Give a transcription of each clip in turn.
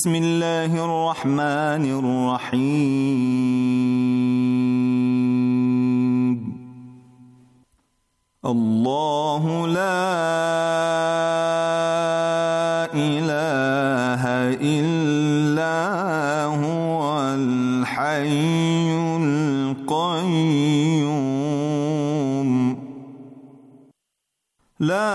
بسم الله الرحمن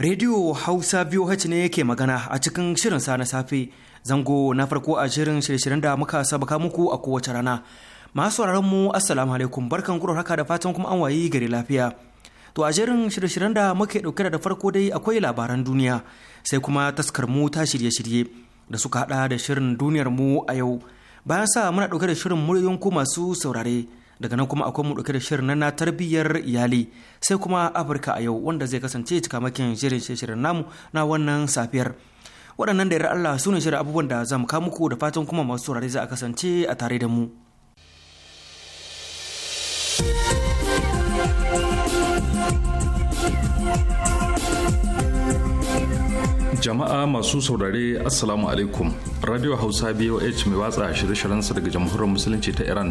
Rediyo Hausa biyu VOH ne yake magana a cikin shirin sa na safe. Zango na farko a shirin shirye-shiryen da muka sabaka muku a kowace rana. Masu mu Assalamu alaikum barkan kuro haka da fatan kuma an wayi gari lafiya. To a shirin shirye-shiryen da muke ɗauke da farko dai akwai labaran duniya sai kuma taskar mu ta shirye-shirye da suka haɗa da shirin duniyar mu a yau. Bayan sa muna ɗauke da shirin muryoyin ku masu saurare daga nan kuma akwai mu dauke da shirin na tarbiyyar iyali sai kuma afirka a yau wanda zai kasance cikamakin shirin shirin namu na wannan safiyar waɗannan da yar Allah su ne shirin abubuwan da za mu kawo muku da fatan kuma masu saurare za a kasance a tare da mu. jama'a masu saurare assalamu alaikum radio hausa boh mai watsa shirye sa daga jamhuriyar musulunci ta iran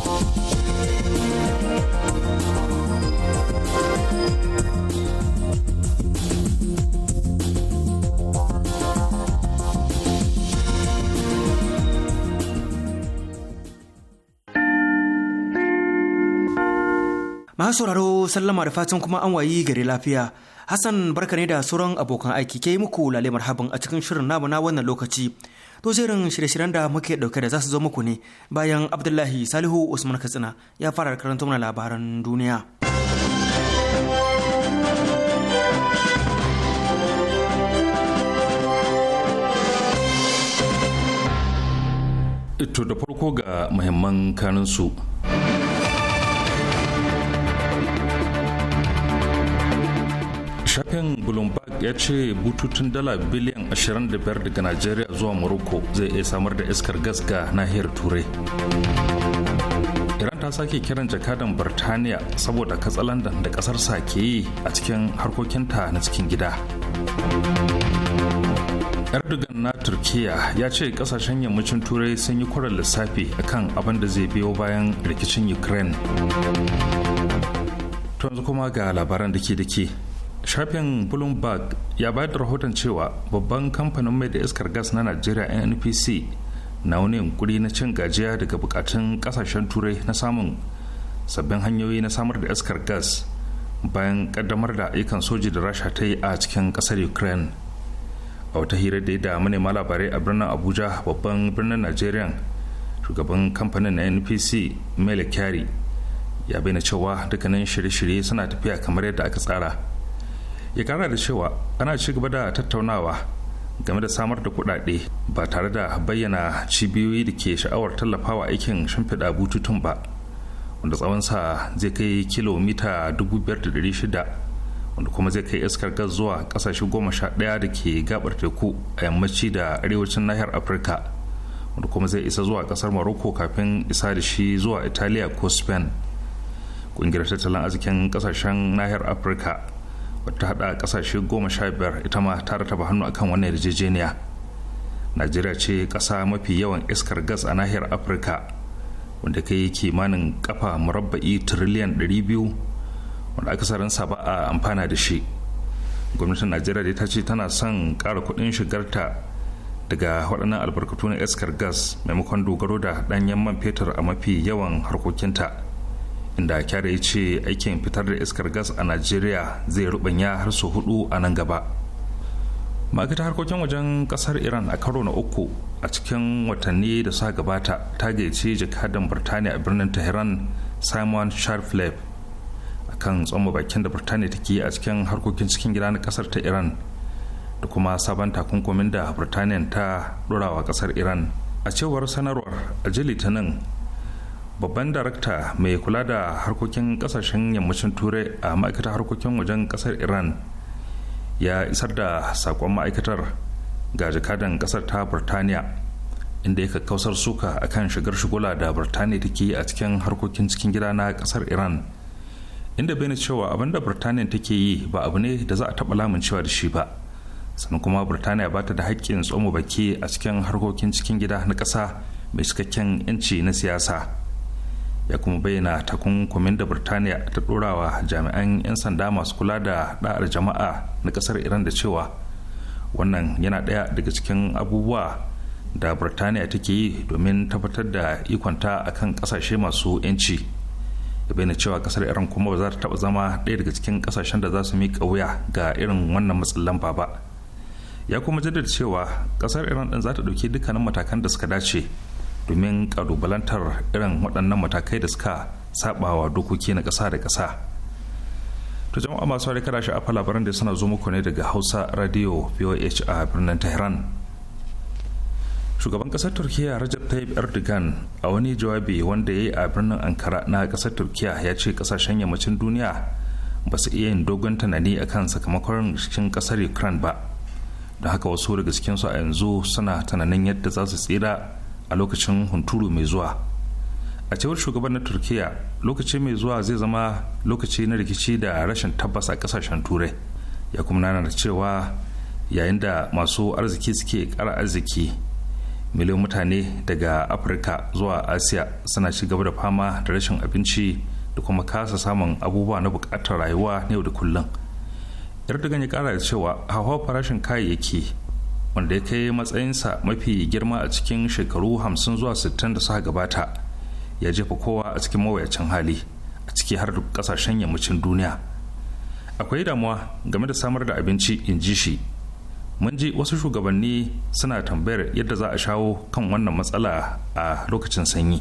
Masu sauraro sallama da fatan kuma an wayi gari lafiya. Hassan barka ne da sauran abokan aiki ke muku lale marhaban a cikin shirin namu na wannan lokaci. To jerin shirye-shiryen da muke dauke da za su zo muku ne bayan Abdullahi Salihu Usman Katsina ya fara karanta mana labaran duniya. To da farko ga muhimman kanunsu. shafin bloomberg ya ce bututun dala biliyan 25 daga najeriya zuwa morocco zai iya samar da iskar gas ga nahiyar turai iran ta sake kiran jakadan birtaniya saboda katsalandan da kasarsa ke yi a cikin harkokinta na cikin gida erdogan na turkiya ya ce kasashen yammacin turai sun yi kwarar lissafi akan abin da zai biyo bayan rikicin ukraine yanzu kuma ga labaran da ke da ke shafin bloomberg ya bayar da rahoton cewa babban kamfanin mai da iskar gas na nigeria nnpc na wani yunkuri na cin gajiya daga bukatun kasashen turai na samun sabbin hanyoyi na samar da iskar gas bayan kaddamar da ayyukan soji da rasha ta yi a cikin kasar ukraine a wata hira da da manema labarai a birnin abuja babban birnin nigeria shugaban kamfanin na npc mele kyari ya bayyana cewa dukkanin shirye-shirye suna tafiya kamar yadda aka tsara ya kara da cewa ana ci gaba da tattaunawa game da samar da kuɗaɗe ba tare da bayyana cibiyoyi da ke sha'awar tallafawa aikin shimfiɗa bututun ba wanda tsawonsa zai kai kilomita 5,600 wanda kuma zai kai iskar gas zuwa kasashe goma sha ɗaya da ke gabar teku a yammaci da arewacin nahiyar afirka wanda kuma zai isa zuwa kasar morocco kafin isa da shi zuwa italiya ko spain ƙungiyar tattalin arzikin ƙasashen nahiyar afirka wata hada kasashe goma sha biyar ita ma ta rataba hannu akan wannan yarjejeniya najeriya ce kasa mafi yawan iskar gas a nahiyar afirka wanda kai kimanin kafa murabba'i tiriliyan ɗari 200 wanda sa ba a amfana da shi gwamnatin najeriya ta ce tana son kara kuɗin shigarta daga waɗannan albarkatu na iskar gas maimakon dogaro da ɗanyen man fetur a mafi yawan harkokinta inda kyara ya ce aikin fitar da iskar gas a najeriya zai rubanya har su hudu a nan gaba makita harkokin wajen kasar iran a karo na uku a cikin watanni da suka gabata ta gaici jakadan birtaniya a birnin tehran simon sharflev a kan tsoma bakin da birtaniya take a cikin harkokin cikin gida na kasar ta iran da kuma sabon takunkumin da birtaniya ta ɗorawa kasar iran a cewar sanarwar a litinin babban darakta mai kula da harkokin kasashen yammacin turai a ma'aikatar harkokin wajen kasar iran ya isar da sakon ma'aikatar ga jakadan kasar ta burtaniya inda ya kausar suka kan shigar shigula da burtaniya take a cikin harkokin cikin gida na kasar iran inda bai cewa abin da burtaniya take yi ba abu ne da za a taɓa lamuncewa da shi ba sannan kuma burtaniya ba ta da haƙƙin tsoma baki a cikin harkokin cikin gida na ƙasa mai cikakken 'yanci na siyasa ya kuma bayyana takunkumin da birtaniya ta ɗorawa jami'an 'yan sanda masu kula da ɗa'ar jama'a na ƙasar iran da cewa wannan yana ɗaya daga cikin abubuwa da birtaniya take yi domin tabbatar da ikonta akan ƙasashe masu 'yanci ya bayyana cewa ƙasar iran kuma ba za ta taɓa zama ɗaya daga cikin ƙasashen da za su miƙa wuya ga irin wannan matsin lamba ba ya kuma jaddada cewa ƙasar iran ɗin za ta ɗauki dukkanin matakan da suka dace domin kalubalantar irin waɗannan matakai da suka sabawa dokoki na ƙasa da ƙasa to jama'a masu kada afa labaran da suna zo muku ne daga hausa radio voh a birnin tehran shugaban kasar turkiya rajab tayyip erdogan a wani jawabi wanda ya yi a birnin ankara na kasar turkiya ya ce ƙasashen yammacin duniya ba su iya yin dogon tunani kan sakamakon cikin ƙasar ukraine ba da haka wasu daga cikinsu a yanzu suna tunanin yadda za su tsira a lokacin hunturu mai zuwa a cewar shugaban na turkiya lokaci mai zuwa zai zama lokaci na rikici da rashin tabbas a kasashen turai ya kuma nana da cewa yayin da masu arziki suke kara arziki miliyan mutane daga afirka zuwa asiya suna ci gaba da fama da rashin abinci da kuma kasa samun abubuwa na bukatar rayuwa na yau da kullum erdogan ya kara da cewa hawa farashin kayayyaki wanda ya kai matsayinsa mafi girma a cikin shekaru hamsin zuwa 60 da suka gabata ya jefa kowa a cikin mawuyacin hali a ciki har da kasashen yammacin duniya akwai damuwa game da samar da abinci in ji shi mun ji wasu shugabanni suna tambayar yadda za a shawo kan wannan matsala a lokacin sanyi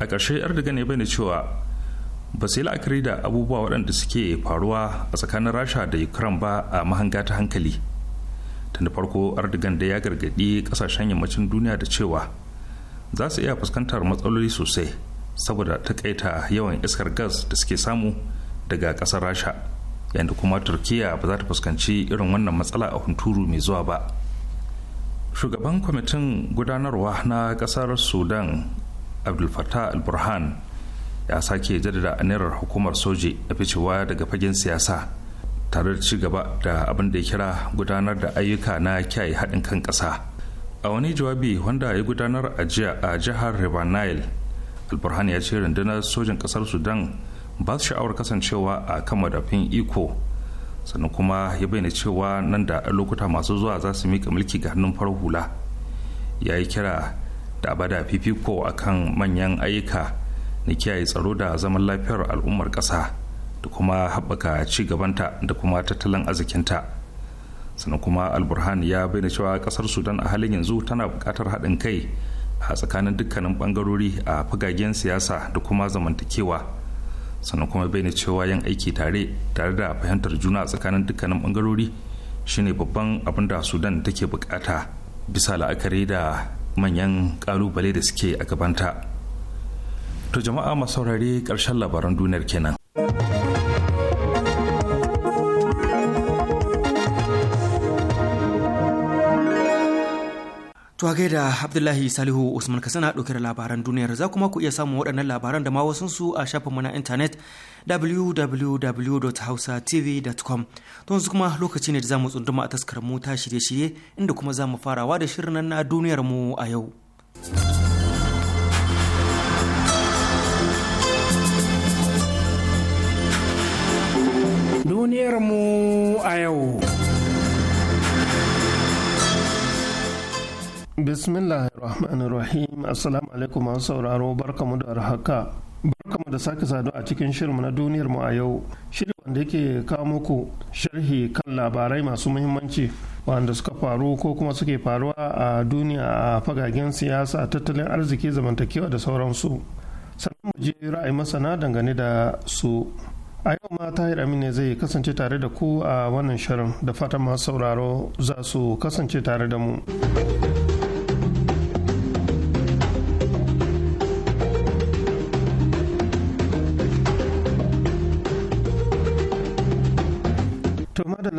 a ƙarshe erdogan ya bayyana cewa ba su yi la'akari da abubuwa waɗanda suke faruwa a tsakanin rasha da ukraine ba a mahanga ta hankali tun da farko ardigan da ya gargaɗi ƙasashen yammacin duniya da cewa za su iya fuskantar matsaloli sosai saboda takaita yawan iskar gas da suke samu daga ƙasar rasha yadda kuma turkiya ba za ta fuskanci irin wannan matsala a hunturu mai zuwa ba shugaban kwamitin gudanarwa na ƙasar sudan abdulfatah al-burhan ya sake jaddada anirar hukumar soji a ficewa daga fagen siyasa tare da ci gaba da abin da ya kira gudanar da ayyuka na kyai haɗin kan ƙasa a wani jawabi wanda ya gudanar a jiya a jihar river nile alburhan ya ce rundunar sojin ƙasar sudan ba su sha'awar kasancewa a kan madafin iko sannan kuma ya bayyana cewa nan da lokuta masu zuwa za su mika mulki ga hannun farar hula ya yi kira da fifiko akan manyan ayyuka na kiyaye tsaro da zaman lafiyar al'ummar ƙasa da kuma haɓaka ci gabanta da kuma tattalin arzikinta sannan kuma alburhan ya bayyana cewa ƙasar sudan a halin yanzu tana buƙatar haɗin kai a tsakanin dukkanin ɓangarori a fagagen siyasa da kuma zamantakewa sannan kuma bayyana cewa yin aiki tare tare da fahimtar juna a tsakanin dukkanin ɓangarori shine babban abin da sudan take buƙata bisa la'akari da manyan ƙalubale da suke a gabanta to jama'a masaurare karshen labaran duniyar kenan. To a gaida Abdullahi Salihu Usman ka sana ɗauke da labaran duniyar za kuma ku iya samun waɗannan labaran da ma wasu su a shafinmu na intanet www.hausatv.com to yanzu kuma lokaci ne da za mu tsunduma a taskar mu ta shirye-shirye inda kuma za mu farawa da shirin na duniyar mu a yau. Duniyar mu a yau. Bismillahirrahmanirrahim. Assalamu alaikum masu sauraro barkamu da haka. Barkamu da sake saduwa a cikin shirinmu na duniyar mu a yau. Shirin wanda yake kawo muku sharhi kan labarai masu muhimmanci wanda suka faru ko kuma suke faruwa a duniya a fagagen siyasa, tattalin arziki, zamantakewa da sauransu. Sannan mu je ra'ayi masana dangane da su. A yau ma Tahir Amine zai kasance tare da ku a wannan shirin da fatan masu sauraro za su kasance tare da mu.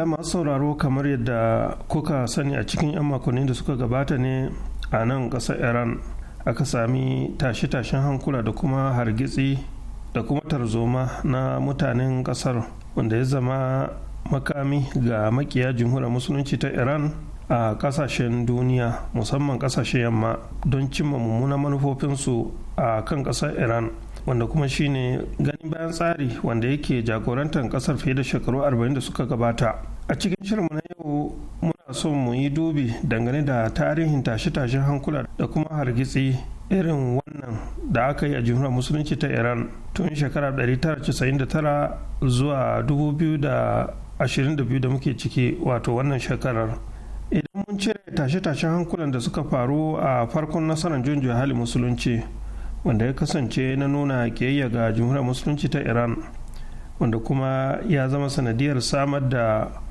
madala sauraro kamar yadda kuka sani a cikin 'yan makonni da suka gabata ne a nan ƙasar iran aka sami tashe-tashen hankula da kuma hargitsi da kuma tarzoma na mutanen ƙasar wanda ya zama makami ga makiya jimhuriyar musulunci ta iran a kasashen duniya musamman kasashen yamma don cimma mummunan manufofinsu a kan kasar iran wanda kuma shine ganin bayan tsari wanda yake jagorantar kasar fiye da shekaru 40 da suka gabata a cikin shirin na yau muna so mu yi dubi dangane da tarihin tashe-tashen hankula da kuma hargitsi irin wannan da aka yi a jimhuriyar musulunci ta iran tun shekara 1999 zuwa 2022 da muke ciki wato wannan shekarar idan mun cire tashe-tashen hankulan da suka faru a farkon nasarar junjo hali musulunci wanda ya kasance na nuna kiyayya ga jimhuriyar musulunci ta iran wanda kuma ya zama sanadiyar samar da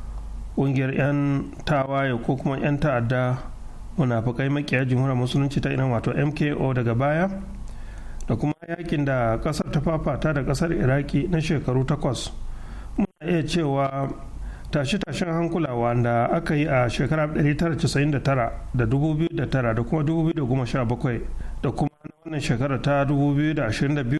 ƙungiyar 'yan tawaye ko kuma 'yan ta'adda munafukai makiya jamhuriyar musulunci ta inan wato mko daga baya da kuma yakin da ƙasar ta fafata da ƙasar iraki na shekaru takwas muna iya cewa tashe-tashen hankula wanda aka yi a shekarar 1999 da 2009 da kuma 2017 da kuma wannan shekara ta 2022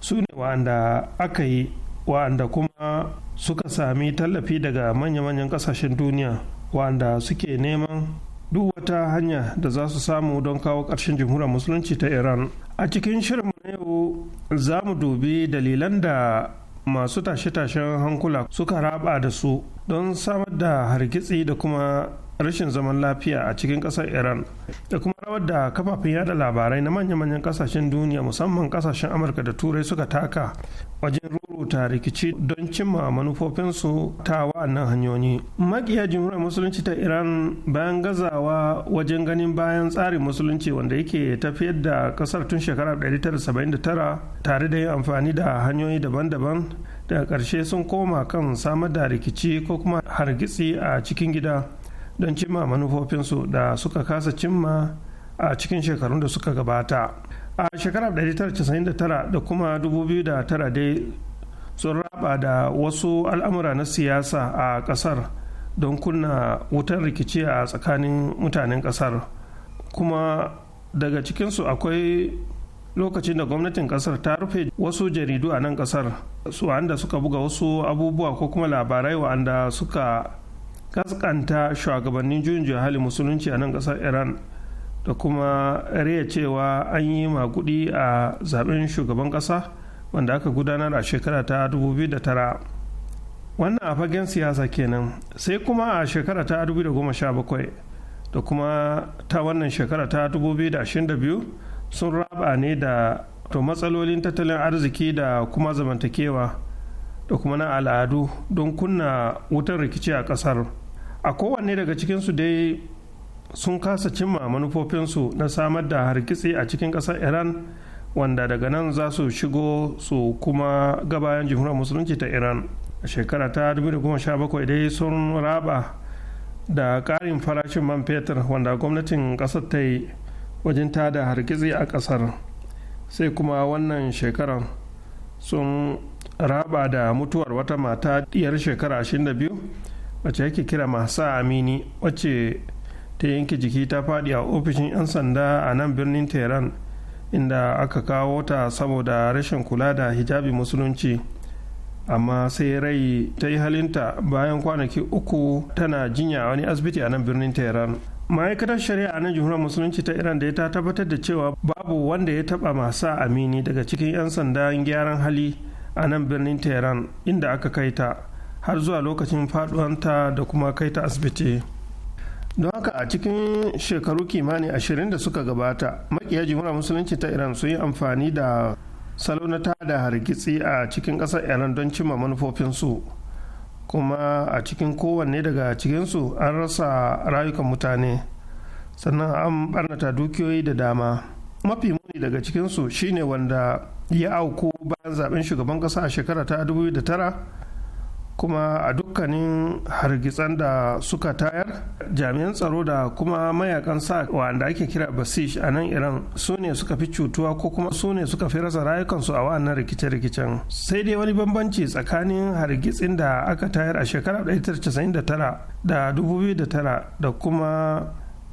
su ne wanda aka yi wa'anda kuma suka sami tallafi daga manya-manyan kasashen duniya wa'anda suke neman duk wata hanya da za su samu don kawo ƙarshen jamhuriyar musulunci ta iran a cikin shirin na yau za mu dubi dalilan da masu tashe-tashen hankula suka raba da su don samar da hargitsi da kuma rashin zaman lafiya a cikin ƙasar iran da kuma rawar da kafafen yada labarai na manya-manyan ƙasashen duniya musamman ƙasashen amurka da turai suka taka wajen rubuta rikici don cimma manufofinsu ta wa'annan hanyoyi makiya jimhuriyar musulunci ta iran bayan gazawa wajen ganin bayan tsarin musulunci wanda yake tafiyar da ƙasar tun shekarar 1979 tare da yin amfani da hanyoyi daban-daban daga ƙarshe sun koma kan samar da rikici ko kuma hargitsi a cikin gida don cimma manufofinsu da suka kasa cimma a cikin shekarun da suka gabata a shekarar 1999 da kuma 2009 dai sun raba da wasu al'amura na siyasa a kasar don kunna wutar rikici a tsakanin mutanen kasar kuma daga cikinsu akwai lokacin da gwamnatin kasar ta rufe wasu jaridu a nan kasar su wanda suka buga wasu abubuwa ko kuma labarai wa'anda suka kaskanta shugabannin juyin hali musulunci a nan kasar iran da kuma raya cewa an yi makudi a zaben shugaban kasa wanda aka gudanar a shekara ta 2009 wannan a fagen siyasa kenan sai kuma a shekara ta 2017 da kuma ta wannan shekara ta 2022 sun raba ne da to matsalolin tattalin arziki da kuma zamantakewa da kuma na al'adu don kunna wutar rikici a kasar. a kowanne daga cikinsu dai sun kasa cimma manufofinsu na samar da hargitsi a cikin ƙasar iran wanda daga nan za su shigo su kuma gabayan jamhuriyar musulunci ta iran a shekara ta 2017 dai sun raba da ƙarin farashin man fetur wanda gwamnatin ƙasar ta yi wajen tada hargitsi a ƙasar sai kuma wannan shekarar sun raba da mutuwar wata mata diyar shekara 22 wacce yake kira masu amini wacce ta yanke jiki ta faɗi a ofishin 'yan sanda a nan birnin tehran inda aka kawo ta saboda rashin kula da hijabi musulunci amma sai rai ta yi halinta bayan kwanaki uku tana jinya wani asibiti a nan birnin tehran ma'aikatar shari'a a nan jihunar musulunci ta iran da ya tabbatar da cewa babu wanda ya taɓa masa amini daga cikin 'yan sandan gyaran hali a nan birnin tehran inda aka kai ta har zuwa lokacin faduwanta da kuma kai ta asibiti don haka a cikin shekaru kimanin ashirin da suka gabata makiya jimura musulunci ta iran sun yi amfani da salo na tada hargitsi a cikin ƙasar iran don cimma manufofinsu kuma a cikin kowanne daga cikinsu an rasa rayukan mutane sannan an barnata dukiyoyi da dama mafi muni daga cikinsu shine wanda ya auku bayan zaben shugaban ƙasa a shekara ta 2009 kuma a dukkanin hargitsan da suka tayar jami'an tsaro da kuma mayakan sa wanda ake kira basish a nan iran su ne suka fi cutuwa ko kuma su ne suka fi rasa rayukansu a wannan rikice-rikicen sai dai wani bambanci tsakanin hargitsin da aka tayar a shekarar 1999 da 2009 da kuma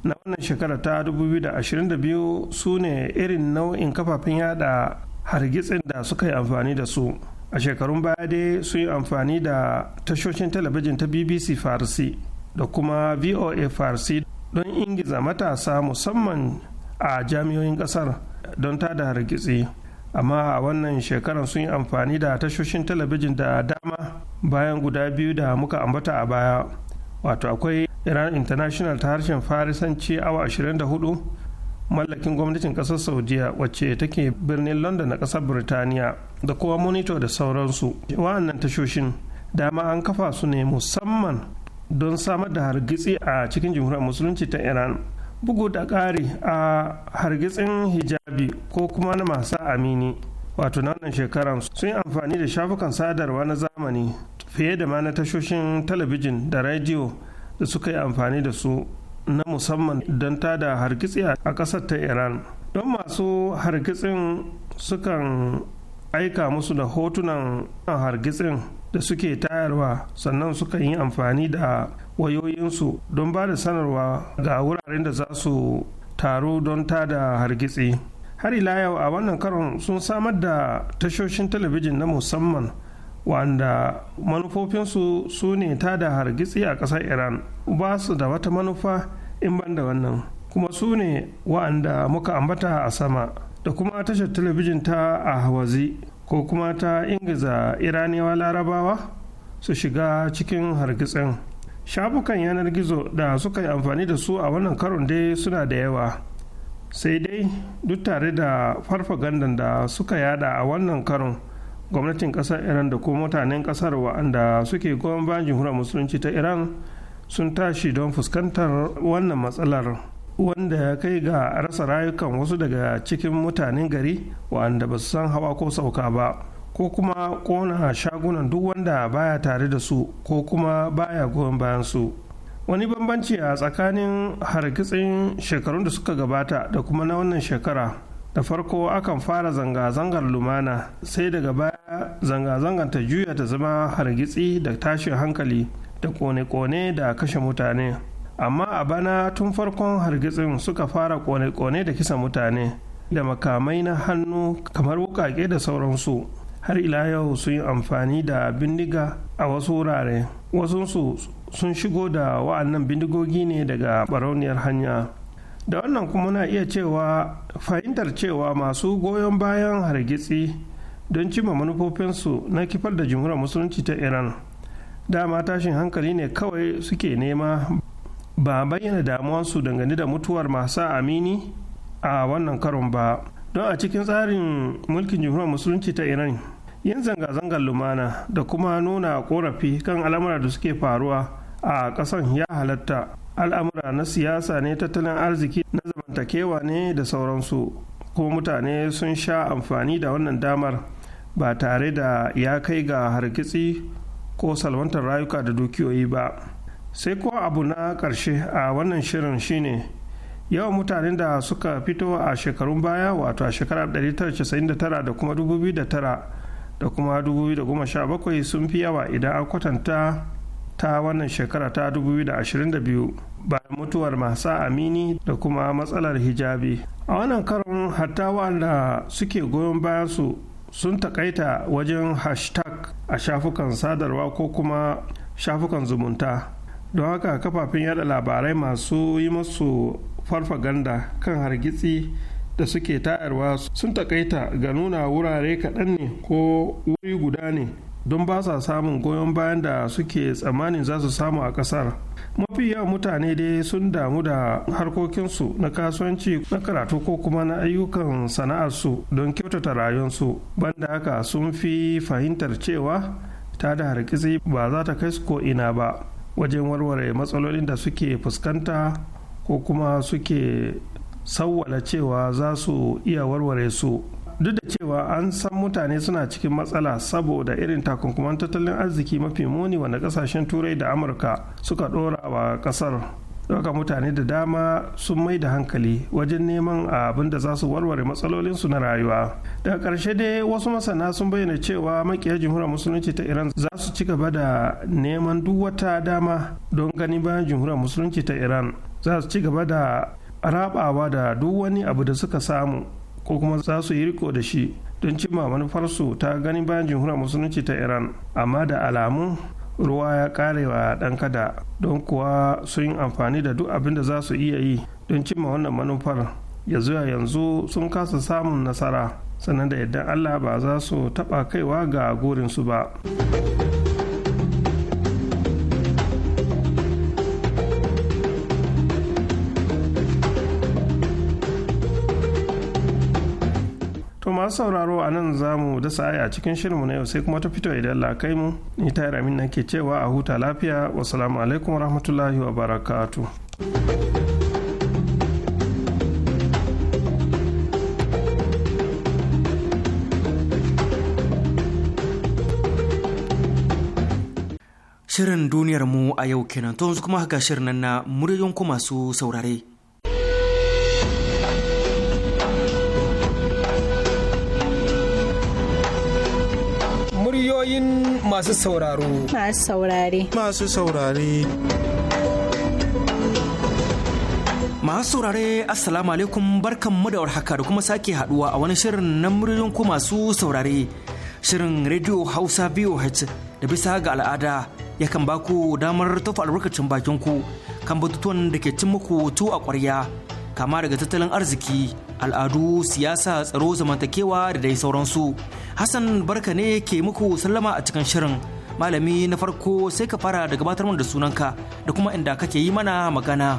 na wannan shekara ta 2022 su ne irin nau'in kafafen yada hargitsin da suka yi amfani da su a shekarun baya dai sun yi amfani da tashoshin talabijin ta bbc farsi da kuma voa farsi don ingiza matasa musamman a jami'oyin kasar don tada hargitsi amma a wannan shekarar sun yi amfani da tashoshin talabijin da dama bayan guda biyu da muka ambata a baya wato akwai iran international ta harshen farisanci awa 24 mallakin gwamnatin kasar saudiya wacce take birnin london na kasar birtaniya da kowa monito da sauransu wa'annan tashoshin dama an kafa su ne musamman don samar da hargitsi a cikin jimhuriyar musulunci ta iran bugu da ƙari a hargitsin hijabi ko kuma na masu amini wato na wannan shekaran sun yi amfani da shafukan sadarwa na zamani fiye da ma na tashoshin talabijin da rediyo da suka yi amfani da su na musamman don tada hargitsi a ƙasar ta iran don masu hargitsin sukan aika musu da hotunan hargitsin da suke tayarwa sannan sukan yi amfani da wayoyinsu don ba da sanarwa ga wuraren da za su taru don tada hargitsi har ila yau a wannan karon sun samar da tashoshin talabijin na musamman wanda manufofinsu su ne ta da hargitsi a ƙasar iran ba su da wata manufa in ban da wannan kuma su ne wa'anda muka ambata a sama da kuma tashar talabijin ta a hawazi ko kuma ta ingiza iraniyawa larabawa su shiga cikin hargitsin shafukan yanar gizo da suka yi amfani da su a wannan karon dai suna da yawa sai dai duk tare da farfagandan da suka yada a wannan karon gwamnatin kasar iran da kuma mutanen kasar wa'anda suke goyon bayan jamhuriyar musulunci ta iran sun tashi don fuskantar wannan matsalar wanda ya kai ga rasa rayukan wasu daga cikin mutanen gari wa'anda ba su san hawa ko sauka ba ko kuma kona shagunan duk wanda baya tare da su ko kuma baya goyon bayan su wani bambanci a tsakanin hargitsin shekarun da suka gabata da kuma na wannan shekara da farko akan fara zanga-zangar lumana sai daga baya zanga-zangar ta juya ta zama hargitsi da tashin hankali da kone-kone da kashe mutane amma a bana tun farkon hargitsin suka fara kone-kone da kisa mutane da makamai na hannu kamar wukake da sauransu har ila yau sun yi amfani da bindiga a wasu wurare wasunsu sun shigo da wa'annan bindigogi ne daga barauniyar hanya da wannan kuma na iya cewa fahimtar cewa masu goyon bayan hargitsi don cimma manufofinsu na kifar da jimhuriyar musulunci ta iran dama tashin hankali ne kawai suke nema ba bayyana damuwansu dangane da mutuwar masu amini a wannan karon ba don a cikin tsarin mulkin jimhuriyar musulunci ta iran yin zanga-zangar lumana da kuma nuna korafi kan al'amura da suke faruwa a ƙasan ya halatta al'amura na siyasa ne tattalin arziki na zamantakewa ne da sauransu ko mutane sun sha amfani da wannan damar ba tare da ya kai ga hargitsi ko salwantar rayuka da dukiyoyi ba sai ko abu na ƙarshe a wannan shirin shine yawan mutanen da suka fito a shekarun baya wato a shekarar 1999 da kuma 2009 da kuma 2017 sun fi yawa idan an kwatanta ta wannan shekara ta 2022 bayan mutuwar masa amini da kuma matsalar hijabi a wannan karon hatta wanda suke goyon bayan su sun takaita wajen hashtag a shafukan sadarwa ko kuma shafukan zumunta don haka kafafen yada labarai masu yi masu farfaganda kan hargitsi da suke tayarwa sun takaita ga nuna wurare kaɗan ne ko wuri guda ne don ba sa samun goyon bayan da suke tsammanin za su samu a ƙasar, mafi yawan mutane dai sun damu da harkokinsu na kasuwanci na karatu ko kuma na ayyukan sana'arsu don kyautata rayuwarsu banda haka sun fi fahimtar cewa ta da hargitsi ba za ta kai su ko ina ba wajen warware matsalolin da suke fuskanta ko kuma suke sawwala cewa za su iya warware su duk da cewa an san mutane suna cikin matsala saboda irin takunkuman tattalin arziki mafi muni wanda kasashen turai da amurka suka dora wa kasar daga mutane da dama sun mai da hankali wajen neman abin da za su warware matsalolinsu na rayuwa daga ƙarshe dai wasu masana sun bayyana cewa makiya jimhuriyar musulunci ta iran za su ci gaba da neman duk wata dama don ganin bayan jimhuriyar musulunci ta iran za su ci gaba da rabawa da duk wani abu da suka samu ko kuma za su yi riko da shi don cimma manufarsu ta gani bayan jamhuriyar musulunci ta iran amma da alamu ruwa ya karewa dan kada don kuwa sun yi amfani da duk abin da za su iya yi don cimma wannan manufar ya zuwa yanzu sun kasa samun nasara sannan da idan allah ba za su taɓa kaiwa ga gurinsu ba. masu sauraro a nan za mu dasa aya a cikin shirinmu na yau sai kuma ta fito idan la kai mu ni tayar na ke cewa a huta lafiya wasalamu alaikum wa barakatu. Shirin duniyar mu a yau kenan to yanzu kuma ga shirin nan na muryoyin ku masu saurare. masu sauraro. Masu saurare. Masu saurare. Masu saurare Assalamu alaikum barkan mu da warhaka da kuma sake haduwa a wani shirin na muryoyin ku masu saurare. Shirin Radio Hausa VOH da bisa ga al'ada yakan baku damar tofa albarkacin bakin ku kan batutuwan da ke cin muku tu a kwarya kama daga tattalin arziki al'adu siyasa tsaro zamantakewa da dai sauransu hassan barka ne ke muku sallama a cikin shirin malami na farko sai ka fara da gabatar da sunanka da kuma inda kake yi mana magana.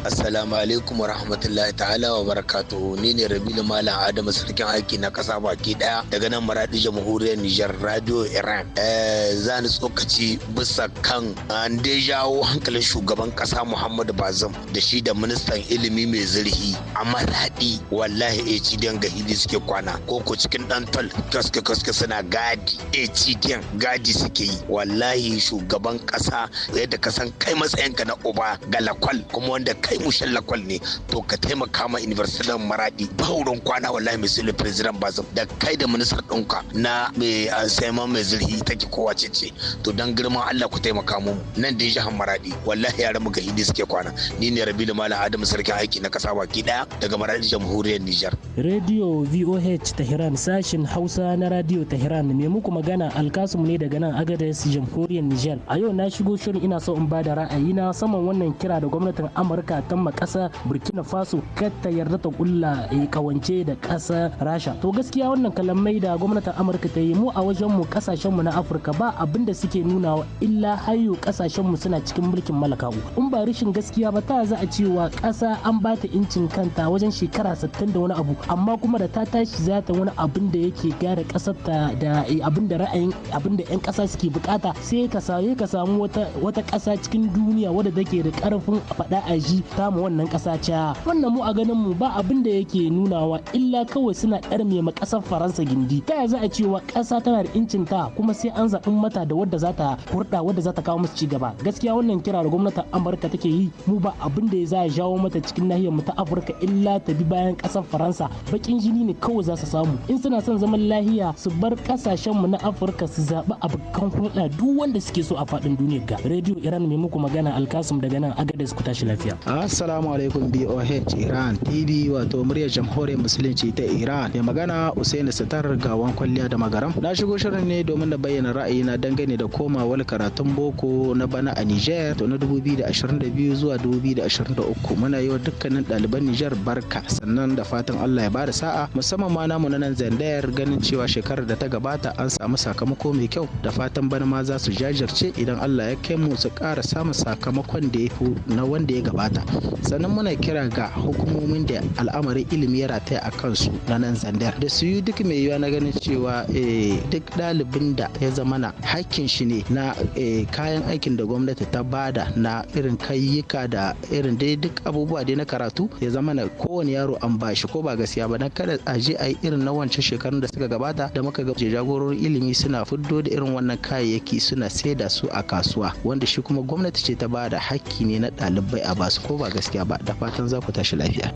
Assalamu alaikum wa rahmatullahi ta'ala wa barakatuhu ni ne Rabilu Malam Adamu sarkin aiki na kasa baki daya daga nan maradi jamhuriyar Nijar Radio Iran. Eh, Za ni tsokaci bisa kan an dai jawo hankalin shugaban kasa Muhammadu Bazum da shi da ministan ilimi mai zurhi a maradi wallahi HDN ga hili suke kwana ko ko cikin dan tol kaske kaske suna gadi HDN gadi suke yi wallahi shugaban kasa yadda ka san kai matsayinka na uba Galakwal kuma wanda kai mushen lakwal ne to ka taimaka ma university maradi ba wurin kwana wallahi mai sulhu president bazum da kai da minister ɗinka na mai sayaman mai zirhi take kowa ce to dan girman Allah ku taimaka mu nan da jihar maradi wallahi yaran mu gahidi suke kwana ni ne rabi da malam adamu sarkin aiki na kasa baki daya daga maradi jamhuriyar Nijar. Radio VOH tahiran sashin Hausa na Radio tahiran me muku magana alkasum ne daga nan Agadez jamhuriyar Nijar a yau na shigo shirin ina so in ba da ra'ayi na saman wannan kira da gwamnatin Amurka zukatan ma kasa burkina faso kata ta yarda ta kulla kawance eh, da kasa rasha to gaskiya wannan kalamai da gwamnatin amurka ta yi mu a wajen mu kasashen mu na afirka ba abin da suke nunawa illa hayo kasashen mu suna cikin mulkin malakawu in ba rishin gaskiya ba ta za a ce wa kasa an ba ta incin kanta wajen shekara sittin da wani abu amma kuma da ta tashi za ta wani abin da yake gyara ƙasar ta da eh, abin da ra'ayin abin da 'yan kasa suke bukata sai ka ka samu wata wata ƙasa cikin duniya wadda take da karfin faɗa a tamu wannan ƙasa ca wannan mu a ganin mu ba abin da yake nunawa illa kawai suna ɗarme ma ƙasar faransa gindi ta za a cewa ƙasa tana da incin ta kuma sai an zaɓin mata da wadda za ta hurɗa wadda za ta kawo musu cigaba gaskiya wannan kira da gwamnatin amurka take yi mu ba abin da za a jawo mata cikin nahiyar mu ta afirka illa ta bi bayan ƙasar faransa baƙin jini ne kawai za su samu in suna son zaman lahiya su bar ƙasashen mu na afirka su zaɓi abokan hulɗa duk wanda suke so a faɗin duniya ga rediyo iran mai muku magana alkasum daga nan agadez ku tashi lafiya. Ah, Assalamu alaikum BOH Iran TV wato muryar jamhuriyar musulunci ta Iran mai magana Usaini Sitar gawan kwalliya da magaram. Na shigo shirin ne domin na bayyana ra'ayina dangane da komawar karatun boko na bana a Niger to na 2022 zuwa 2023 muna yi wa dukkanin ɗaliban Niger barka sannan da fatan Allah ya bada sa'a musamman ma namu na nan Zandayar ganin cewa shekarar da ta gabata an samu sakamako mai kyau da fatan bana ma za su jajirce idan Allah ya kai mu su ƙara samun sakamakon da ya fi na wanda ya gabata sannan muna kira ga hukumomin da al'amarin ilimi ya rataya a kansu na nan zandar da su yi duk mai yiwuwa na ganin cewa eh, duk ɗalibin da ya zama na hakkin shi ne na eh, kayan aikin da gwamnati ta bada na irin kayyuka da irin dai duk abubuwa dai na karatu ya zama na kowane yaro an bashi ko ba gaskiya ba dan kada a je a yi irin na wancan shekarun da suka gabata da muka ga jagororin ilimi suna fiddo da irin wannan kayayyaki suna saida su a kasuwa wanda shi kuma gwamnati ce ta bada hakki ne na ɗalibai a basu ko ba gaskiya ba da fatan za ku tashi lafiya.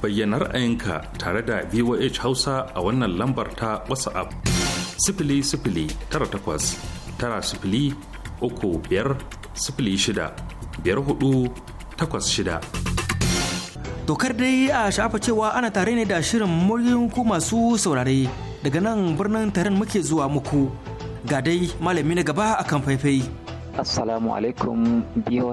Bayyana ra'ayinka tare da VOH Hausa a wannan lambar ta WhatsApp. Sifili sifili tara takwas tara sifili uku biyar sifili shida biyar hudu takwas shida. Dokar dai a sha'afa cewa ana tare ne da shirin muryin ku masu saurare daga nan birnin taron muke zuwa muku ga dai malami na gaba akan faifai. Assalamu alaikum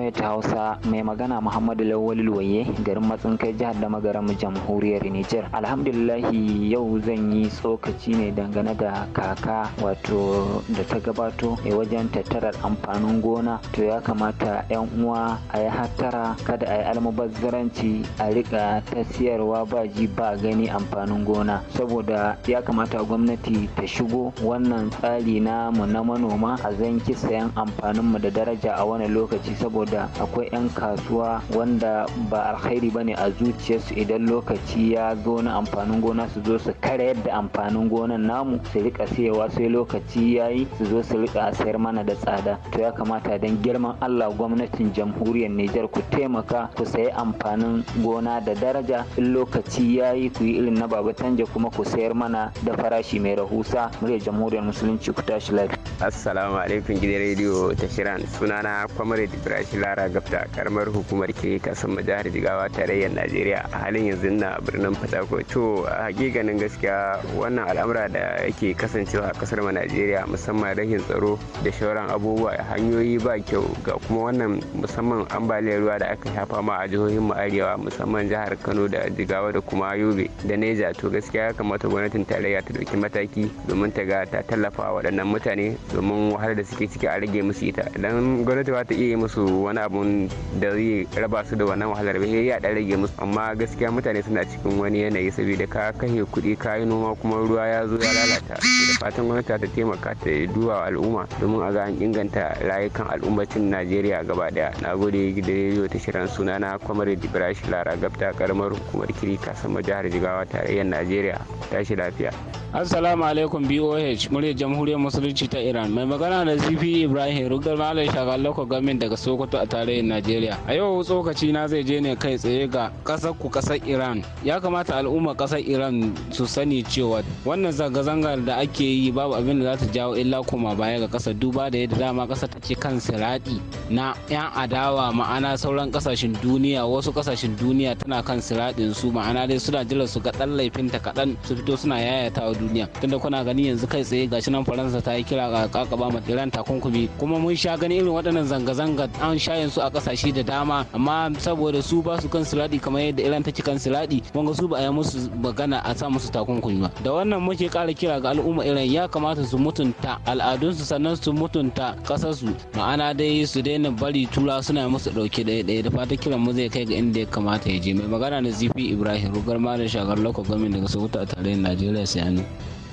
ta Hausa mai magana Muhammadu Lawal Luwaye garin matsinkai jihar da magaram jamhuriyar Nijar. Alhamdulillahi yau zan yi tsokaci ne dangane da kaka wato da ta gabato a wajen tattarar amfanin gona to ya kamata 'yan uwa a yi hattara kada a yi almubazzaranci a riƙa ta siyarwa ba ji ba gani amfanin gona saboda ya kamata gwamnati ta shigo wannan tsari mu na manoma a zanki sayan amfanin mu da daraja a wani lokaci saboda akwai 'yan kasuwa wanda ba alkhairi ne a zuciyarsu idan lokaci ya zo na amfanin gona su zo su kare yadda amfanin gonan namu su rika siyewa sai lokaci ya yi su zo su rika sayar mana da tsada to ya kamata don girman allah gwamnatin jamhuriyar nijar ku taimaka ku sayi amfanin gona da daraja in lokaci ya yi ku yi irin na baba canja kuma ku sayar mana da farashi mai rahusa muryar jamhuriyar musulunci ku tashi lafiya assalamu alaikum gidan rediyo ta kiran sunana comrade ibrahim lara gafta karamar hukumar ke kasan jihar jigawa tarayyar najeriya a halin yanzu na birnin fatako to a hakikanin gaskiya wannan al'amura da yake kasancewa a kasar mu najeriya musamman rashin tsaro da shauran abubuwa hanyoyi ba kyau ga kuma wannan musamman ambaliyar ruwa da aka shafa ma a jihohin mu arewa musamman jihar kano da jigawa da kuma yobe da neja to gaskiya ya kamata gwamnatin tarayya ta dauki mataki domin ta ga ta tallafa waɗannan mutane domin wahalar da suke ciki a rage musu ita dan gwamnati ba ta iya musu wani abun da zai raba su da wannan wahalar ba ya da rage musu amma gaskiya mutane suna cikin wani yanayi saboda ka kashe kuɗi ka yi noma kuma ruwa ya zo ya lalata da fatan gwamnati ta taimaka ta duwa al'umma domin a ga an inganta rayukan al'ummacin najeriya gaba daya na gode da rediyo ta shirin suna na kwamar dibrashi lara gabta karamar hukumar kiri kasama jihar jigawa tarayyar najeriya tashi lafiya assalamu alaikum boh muryar jamhuriyar musulunci ta iran mai magana da zifi ibrahim rugar Malam Shagal gamin daga Sokoto a tarayyar Najeriya. A yau tsokaci na zai je ne kai tsaye ga kasar ku kasar Iran. Ya kamata al'ummar kasar Iran su sani cewa wannan zanga-zangar da ake yi babu abin da za ta jawo illa kuma baya ga kasar duba da yadda dama kasar ta ce kan siradi na 'yan adawa ma'ana sauran kasashen duniya wasu kasashen duniya tana kan siradin su ma'ana dai suna jira su ga dan ta kaɗan su fito suna yayata wa duniya tunda kuna gani yanzu kai tsaye gashi nan faransa ta yi kira ga kakaba ma iran takunkumi kuma mun sha ganin irin waɗannan zanga-zanga an shayin su a ƙasashe da dama amma saboda su ba su kan siladi kamar yadda iran ta ci kan siladi wanga su ba a yi musu magana a sa musu takunkumi ba da wannan muke ƙara kira ga al'umma iran ya kamata su mutunta al'adunsu sannan su mutunta ƙasarsu ma'ana dai su daina bari tura suna musu ɗauke ɗaya ɗaya da fata kiran mu zai kai ga inda ya kamata ya je mai magana na zifi ibrahim rugar malam shagar lokacin gwamnati daga sokoto a tarayyar najeriya sai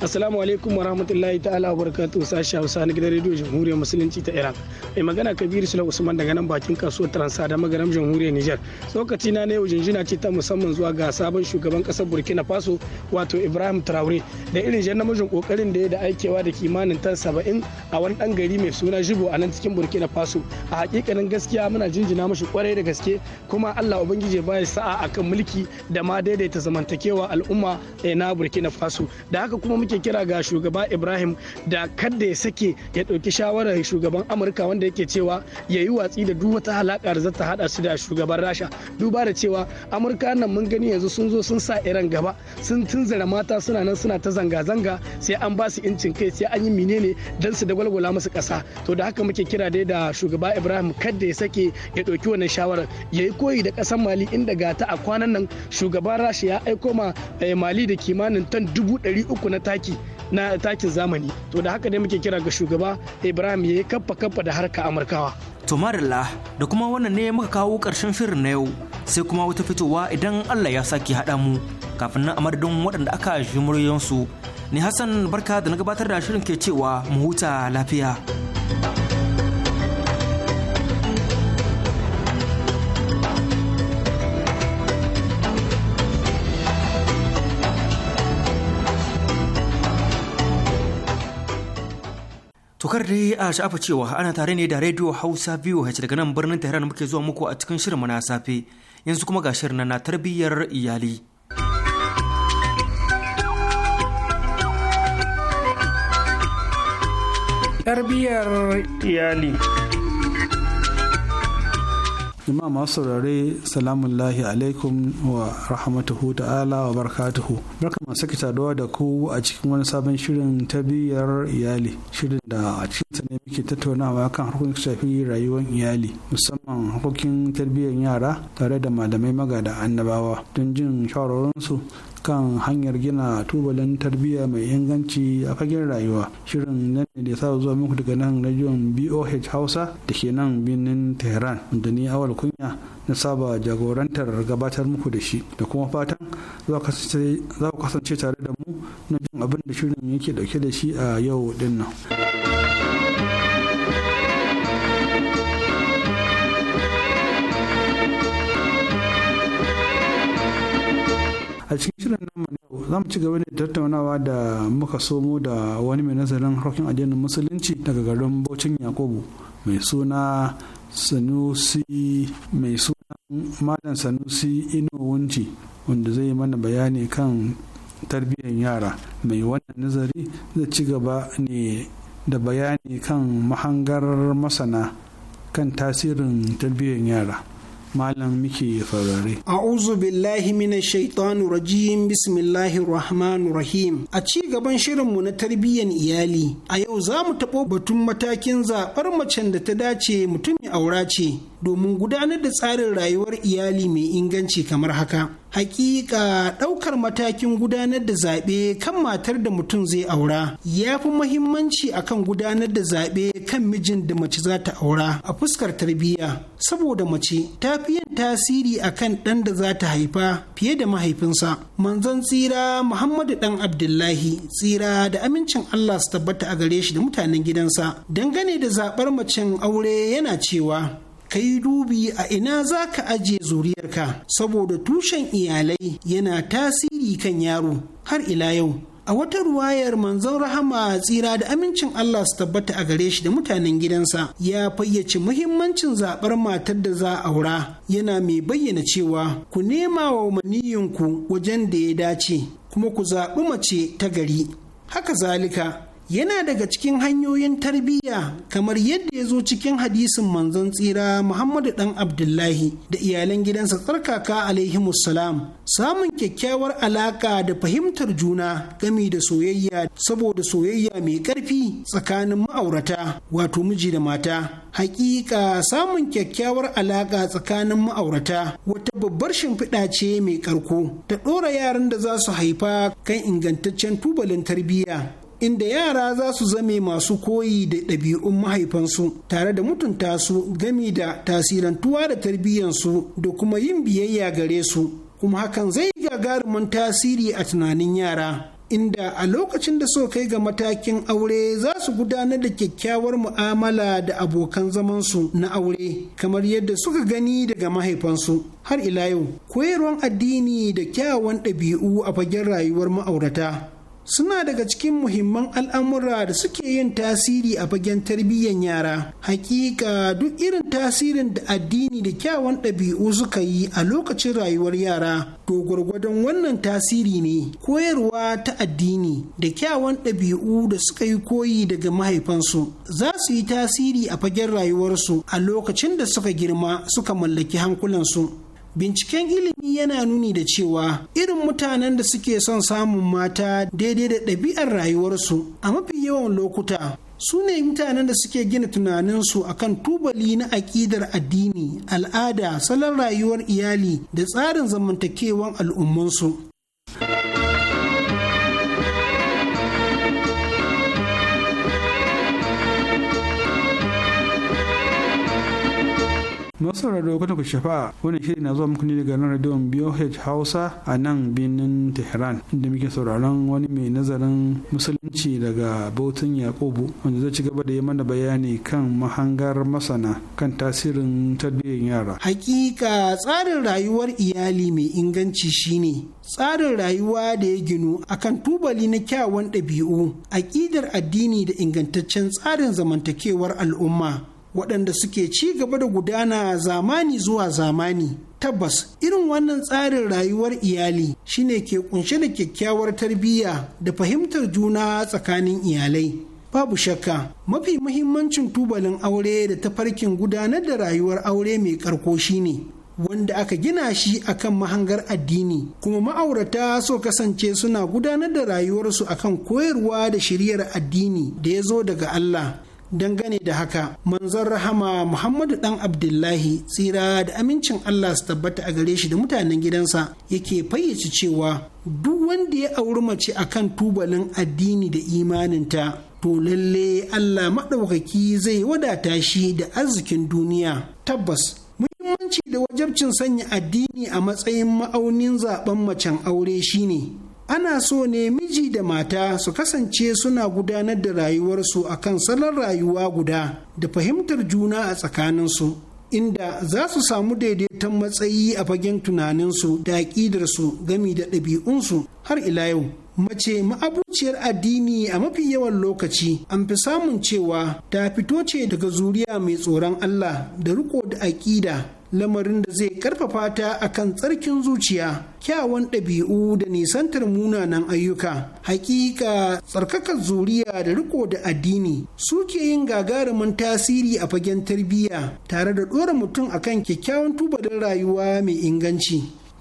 Assalamu alaikum wa rahmatullahi ta'ala wa barakatu sashi Hausa na gidan rediyo Jamhuriyar Musulunci ta Iran. Mai magana Kabiru Sula Usman daga nan bakin kasuwar Transa da magaram Jamhuriyar Nijar. Tsokaci na yau jinjina ce ta musamman zuwa ga sabon shugaban kasar Burkina Faso wato Ibrahim Traore da irin jan namijin kokarin da ya da aikewa da kimanin tan saba'in a wani dan gari mai suna Jibo a nan cikin Burkina Faso. A hakikanin gaskiya muna jinjina mashi kwarai da gaske kuma Allah ubangiji ba ya sa'a akan mulki da ma daidaita zamantakewa al'umma eh, na Burkina Faso. Da haka kuma muke ake kira ga shugaba ibrahim da kadda ya sake ya ɗauki shawarar shugaban amurka wanda yake cewa ya yi watsi da duk wata halaka da zata haɗa su da shugaban rasha duba da cewa amurka nan mun gani yanzu sun zo sun sa iran gaba sun tunzura mata suna nan suna ta zanga-zanga sai an basu incin kai sai an yi menene don su da gwalgwala musu kasa to da haka muke kira dai da shugaba ibrahim kadda ya sake ya ɗauki wannan shawarar ya yi koyi da ƙasar mali inda gata a kwanan nan shugaban rasha ya aiko ma eh, mali da kimanin tan dubu ɗari uku na taki na takin zamani to da haka ne muke kira ga shugaba ibrahim ya yi kaffa kaffa da harka amurkawa to marilla da kuma wannan ne muka kawo karshen shirin na yau sai kuma wata fitowa idan allah ya sake haɗa mu kafin nan a madadin waɗanda aka ji muryoyinsu ni hassan barka da na gabatar da shirin ke cewa mu huta lafiya Tukar dai a sha'afa cewa ana tare ne da Radio Hausa VOH daga nan birnin Tehran muke zuwa muku a cikin shirin na safe yanzu kuma ga shirin na tarbiyyar iyali. Tarbiyyar iyali. jama'a masu saurare salamun lahi alaikum wa rahmatuhu ta'ala wa barkatuhu. barka masu sake saduwa da ku a cikin wani sabon shirin tabiyar iyali shirin da a cikin sa ne muke tattaunawa kan harkokin shafi rayuwar iyali musamman harkokin tarbiyyar yara tare da malamai magada annabawa don jin shawarwarinsu kan hanyar gina tubalin tarbiyya mai inganci a fagen rayuwa shirin nan ne da ya saba zuwa muku daga nan rajiyon boh hausa da ke nan birnin tehran da ni awal kunya na saba jagorantar gabatar muku da shi da kuma fatan za ku kasance tare da mu na jin abin da shirin yake dauke da shi a yau din a cikin shirin namu yau za mu ci gaba da tattaunawa da muka somo da wani mai nazarin harkokin addinin musulunci daga garin Bocin yakubu mai suna sanusi mai suna malam sanusi Wunci wanda zai mana bayani kan tarbiyyar yara mai wannan nazari zai ci gaba ne da bayani kan mahangar masana kan tasirin tarbiyyar yara malam miki farare. A'uzu billahi minash shaitanir rajim bismillahir rahmanir rahim. A ci gaban shirin mu na tarbiyyar iyali, a yau za mu taɓo batun matakin zaɓar macen da ta dace mutum ya aura ce. domin gudanar da tsarin rayuwar iyali mai inganci kamar haka. Hakika ɗaukar matakin gudanar da zaɓe kan matar da mutum zai aura ya fi mahimmanci akan gudanar da zaɓe kan mijin da mace za ta aura a fuskar tarbiyya saboda mace ta fi yin tasiri akan ɗan da za ta haifa fiye da mahaifinsa. Manzon tsira Muhammadu ɗan Abdullahi tsira da amincin Allah su tabbata a gare shi da mutanen gidansa dangane da zaɓar macen aure yana cewa ka yi dubi a ina za ka ajiye zuriyarka saboda tushen iyalai yana tasiri kan yaro har ila yau a wata ruwayar manzon rahama a tsira da amincin Allah su tabbata a gare shi da mutanen gidansa ya fayyace muhimmancin zaɓar matar da za a aura yana mai bayyana cewa ku nema wa maniyinku wajen da ya dace kuma ku zaɓi mace ta gari haka zalika yana daga cikin hanyoyin tarbiyya kamar yadda ya zo cikin hadisin manzon tsira muhammadu dan abdullahi da iyalan gidansa tsarkaka alaihi samun kyakkyawar alaka da fahimtar juna gami da soyayya saboda soyayya mai karfi tsakanin ma'aurata wato miji da mata hakika samun kyakkyawar alaka tsakanin ma'aurata wata babbar shimfiɗa ce mai karko ta ɗora yaran da za su haifa kan ingantaccen tubalin tarbiyya inda yara za su zame masu koyi da ɗabi'un mahaifansu tare da mutunta su gami da tasirantuwa da tarbiyyansu da kuma yin biyayya gare su kuma hakan zai gagarumin tasiri a tunanin yara inda a lokacin da suka kai ga matakin aure za su gudanar da kyakkyawar mu'amala da abokan zamansu na aure kamar yadda suka gani daga mahaifansu har ila yau koyarwan addini da kyawawan ɗabi'u a fagen rayuwar ma'aurata suna daga cikin muhimman al'amura da suke yin tasiri a fagen tarbiyyar yara. Hakika duk irin tasirin da addini da kyawun ɗabi'u suka yi a lokacin rayuwar yara, to gwargwadon wannan tasiri ne koyarwa ta addini da kyawun ɗabi'u da suka yi koyi daga mahaifansu za su yi tasiri a fagen rayuwarsu a lokacin da suka girma suka mallaki hankulansu. Binciken ilimi yana nuni da cewa irin mutanen da suke son samun mata daidai da ɗabi'ar rayuwarsu a mafi yawan lokuta su ne mutanen da suke gina tunaninsu akan tubali na aƙidar addini al'ada salon rayuwar iyali da tsarin zamantakewan al'ummansu. masu sauraro ku ku shafa wani shiri na zuwa muku ne daga nan radio BOH Hausa a nan birnin Tehran inda muke sauraron wani mai nazarin musulunci daga bautan Yakubu wanda zai ci gaba da yi mana bayani kan mahangar masana kan tasirin tarbiyyar yara. Hakika tsarin rayuwar iyali mai inganci shine tsarin rayuwa da ya ginu akan tubali na kyawan ɗabi'u, aƙidar addini da ingantaccen tsarin zamantakewar al'umma. waɗanda suke ci gaba da gudana zamani zuwa zamani tabbas irin wannan tsarin rayuwar iyali shine ke kunshe da kyakkyawar tarbiyya da fahimtar juna tsakanin iyalai babu shakka mafi muhimmancin tubalin aure da tafarkin gudanar da rayuwar aure mai karko shine wanda aka gina shi akan mahangar addini kuma ma'aurata so kasance suna gudanar da rayuwarsu akan koyarwa da shiriyar addini da ya zo daga Allah dangane da haka manzon rahama muhammadu dan abdullahi tsira da amincin allah su tabbata a gare shi da mutanen gidansa yake fayyace cewa duk wanda ya auri mace a kan tubalin addini da imaninta to lalle allah maɗaukaki zai wadata shi da arzikin duniya tabbas muhimmanci da wajabcin sanya addini a matsayin ma'aunin zaben macen aure shine ana so ne miji da mata su kasance suna gudanar da rayuwarsu a kan salon rayuwa guda da fahimtar juna a tsakaninsu inda za su samu daidaiton matsayi a fagen tunaninsu da aƙidarsu gami da ɗabi'unsu har ila yau mace ma'abuciyar addini a mafi yawan lokaci an fi samun cewa ta fito ce daga zuriya mai tsoron Allah da riko da aƙida lamarin da zai karfafa ta akan tsarkin zuciya kyawan ɗabi'u da nisantar munanan ayyuka hakika tsarkakar zuriya da riko da addini suke yin gagarumin tasiri a fagen tarbiyya tare da ɗora mutum a kan kyakkyawan tubalin rayuwa mai inganci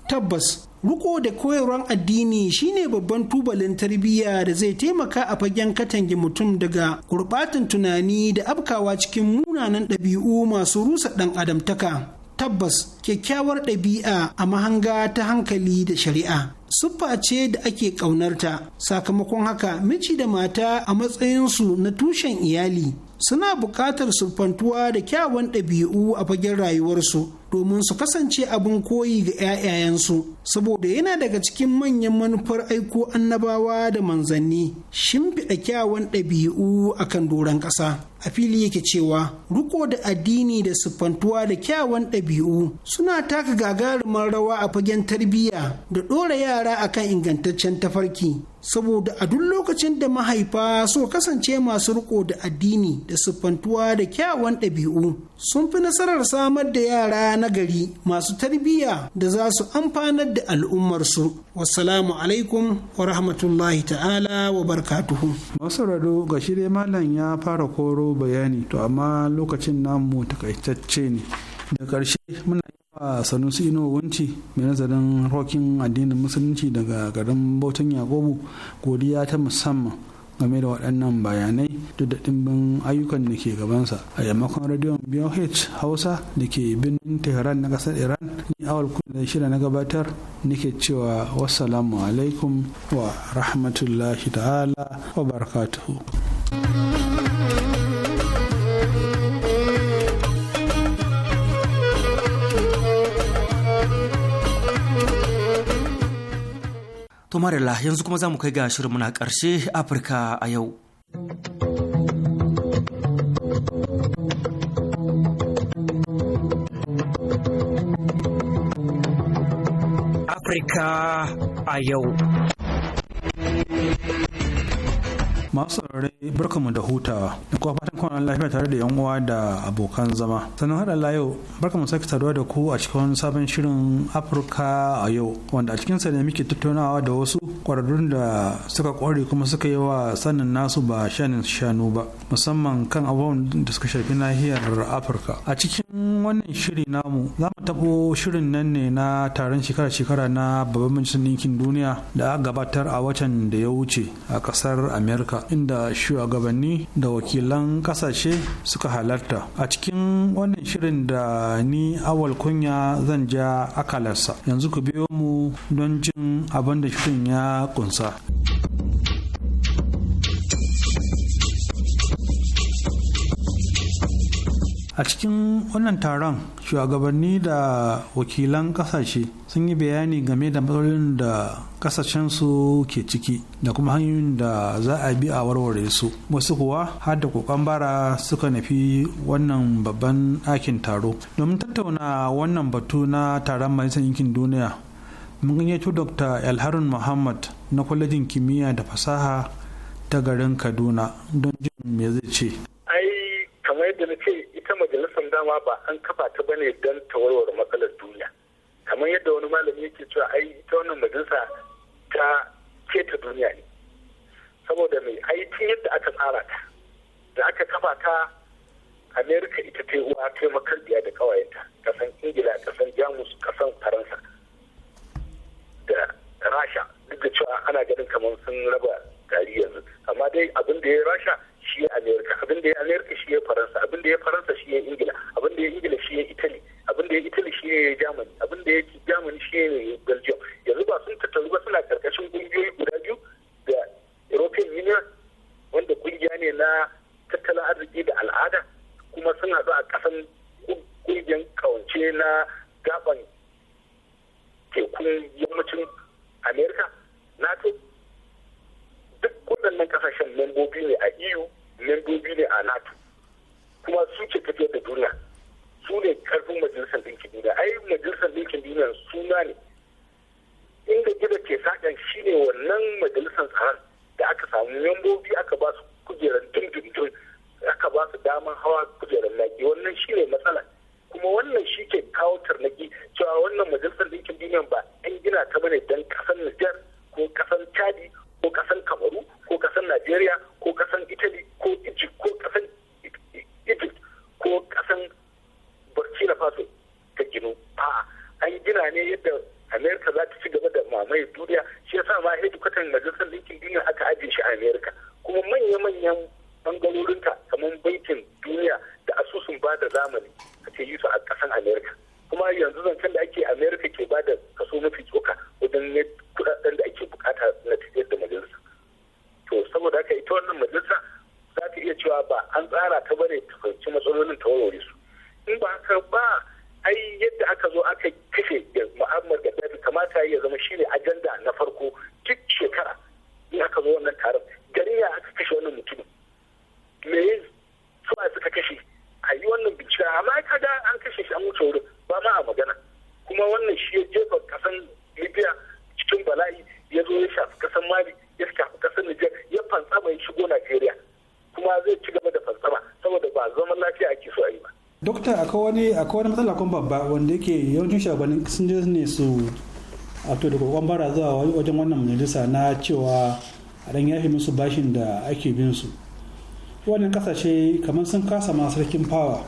tabbas riko da koyarwar addini shine babban tubalin tarbiyya da zai taimaka a fagen katange mutum daga gurbatan tunani da abkawa cikin munanan ɗabi'u masu rusa ɗan adamtaka tabbas kyakkyawar ɗabi'a a mahanga ta hankali da shari'a siffa ce da ake ƙaunarta sakamakon haka miji da mata a matsayinsu na tushen iyali suna buƙatar siffantuwa da kyawun ɗabi'u a fagen rayuwarsu domin su kasance abin koyi ga 'ya'yayensu saboda yana daga cikin manyan manufar aiko annabawa da manzanni shimfiɗa kyawun ɗabi'u a kan doron ƙasa a fili yake cewa riko da addini da siffantuwa da kyawun ɗabi'u suna taka gagarumar rawa a fagen tarbiyya da ɗora yara akan ingantaccen tafarki saboda a duk lokacin da mahaifa so kasance masu riko da addini da siffantuwa da kyawun ɗabi'u sun fi nasarar samar da yara nagari masu tarbiyya da za su amfanar da al'ummarsu wassalamu alaikum wa rahmatullahi ta'ala wa barkatuhu masu rado ga shirya malam ya fara koro bayani to amma lokacin namu takaitacce ne da karshe muna a sanusi ino mai nazarin rokin addinin musulunci daga garin bautan yakubu godiya ta musamman game da waɗannan bayanai duk da ɗimbin ayyukan da ke gabansa a yammakon rediyon BOH Hausa da ke birnin Tehran na ƙasar Iran ni awal da shida na gabatar nake cewa wassalamu alaikum wa rahmatullahi ta'ala wa barakatuhu. marilla yanzu kuma za mu kai ga shirin na ƙarshe Afirka a yau. Afirka a yau. Masu saurare barkamu da hutawa da an lafiya tare da yan uwa da abokan zama sannan har Allah yau barka mu sake saduwa da ku a cikin sabon shirin Afirka a yau wanda a cikin sa ne muke tattaunawa da wasu kwararrun da suka kware kuma suka yi wa sanin nasu ba shanin shanu ba musamman kan abubuwan da suka shafi nahiyar Afirka a cikin wannan shiri namu za mu tabo shirin nan ne na taron shekara-shekara na babban majalisar ɗinkin duniya da aka gabatar a watan da ya wuce a kasar Amerika inda shugabanni da wakilan kasashe suka halarta a cikin wannan shirin da ni awal kunya zan ja akalarsa yanzu ku biyo mu don jin abin da shirin ya kunsa. a cikin wannan taron shugabanni da wakilan kasashe sun yi bayani game da matsalolin da kasashensu ke ciki da kuma hanyoyin da za a bi a warware su wasu kuwa har da kokon bara suka nufi wannan babban ɗakin taro domin tattauna wannan batu na taron majalisar yankin duniya mun gayyato dr elharun muhammad na kwalejin kimiyya da fasaha ta garin kaduna don jin me zai ce dama ba an kafa ta bane don ta warware matsalar duniya kamar yadda wani malami yake cewa ai ita wannan majalisa ta ce ta duniya ne saboda mai ai tun yadda aka tsara ta da aka kafa ta amerika ita ta yi uwa ta makarbiya da kawayenta kasan ingila kasan jamus kasan faransa da rasha duk da cewa ana ganin kamar sun raba gari yanzu amma dai abin da ya yi rasha shi ya amerika abin da ya amerika shi ya faransa abin da ya faransa shi ya ingila abin da ya ingila shi ya italy abin da ya italy shi ya germany abin da ya germany shi ya belgium yanzu ba sun tattaru ba suna karkashin kungiyoyi guda biyu da european union wanda kungiya ne na tattalin arziki da al'ada kuma suna zuwa a ƙasan kungiyar kawance na gaban tekun yammacin amerika nato duk waɗannan ƙasashen membobi ne a eu membobi ne a nato kuma su ke tafiyar da duniya su ne karfin majalisar ɗinkin duniya ai majalisar ɗinkin duniya suna ne inda gida ke saƙan shi ne wannan majalisar tsaron da aka samu membobi aka ba su kujerar dindindin aka ba su damar hawa kujerar naki wannan shi ne matsala kuma wannan shi ke kawo tarnaki cewa wannan majalisar ɗinkin duniya ba an gina ta bane don ƙasar Nijar ko ƙasar Chadi ko kasan kamaru ko kasan najeriya ko kasan italy ko egypt ko kasan egypt ko kasan burkina faso ta gino a an gina ne yadda america za ta ci gaba da mamaye duniya shi yasa ma hedikwatar majalisar ɗinkin duniya aka ajiye shi a america kuma manya-manyan bangarorinta kamar bankin duniya da asusun ba da zamani ake yi su a kasan america. kuma yanzu zancen da ake america ke ba da kaso mafi tsoka wajen ne kudaden da ake bukata na tafiyar da majalisa to saboda haka ita wannan majalisa za ta iya cewa ba an tsara ta bane ta fahimci matsalolin ta warware su in ba haka ba ai yadda aka zo aka kashe mu'ammar gaddafi kamata ya zama shine ajanda na farko duk shekara in aka zo wannan taron gari ya aka kashe wannan mutumin me suka kashe a yi wannan bincike amma ka ga an kashe shi an wuce wurin ba ma a magana kuma wannan shi ya jefa kasan libya cikin bala'i ya zo ya shafi kasan mali ya shafi kasan nijar ya fantsama ya shigo najeriya kuma zai ci gaba da fantsama saboda ba zaman lafiya ake so a yi ba. dokta akwai wani akwai wani matsala kuma babba wanda yake yawancin shugabannin sun je ne su a to da kokon bara zuwa wajen wannan majalisa na cewa a ɗan yafe musu bashin da ake bin su wannan kasashe kamar sun kasa ma sarkin fawa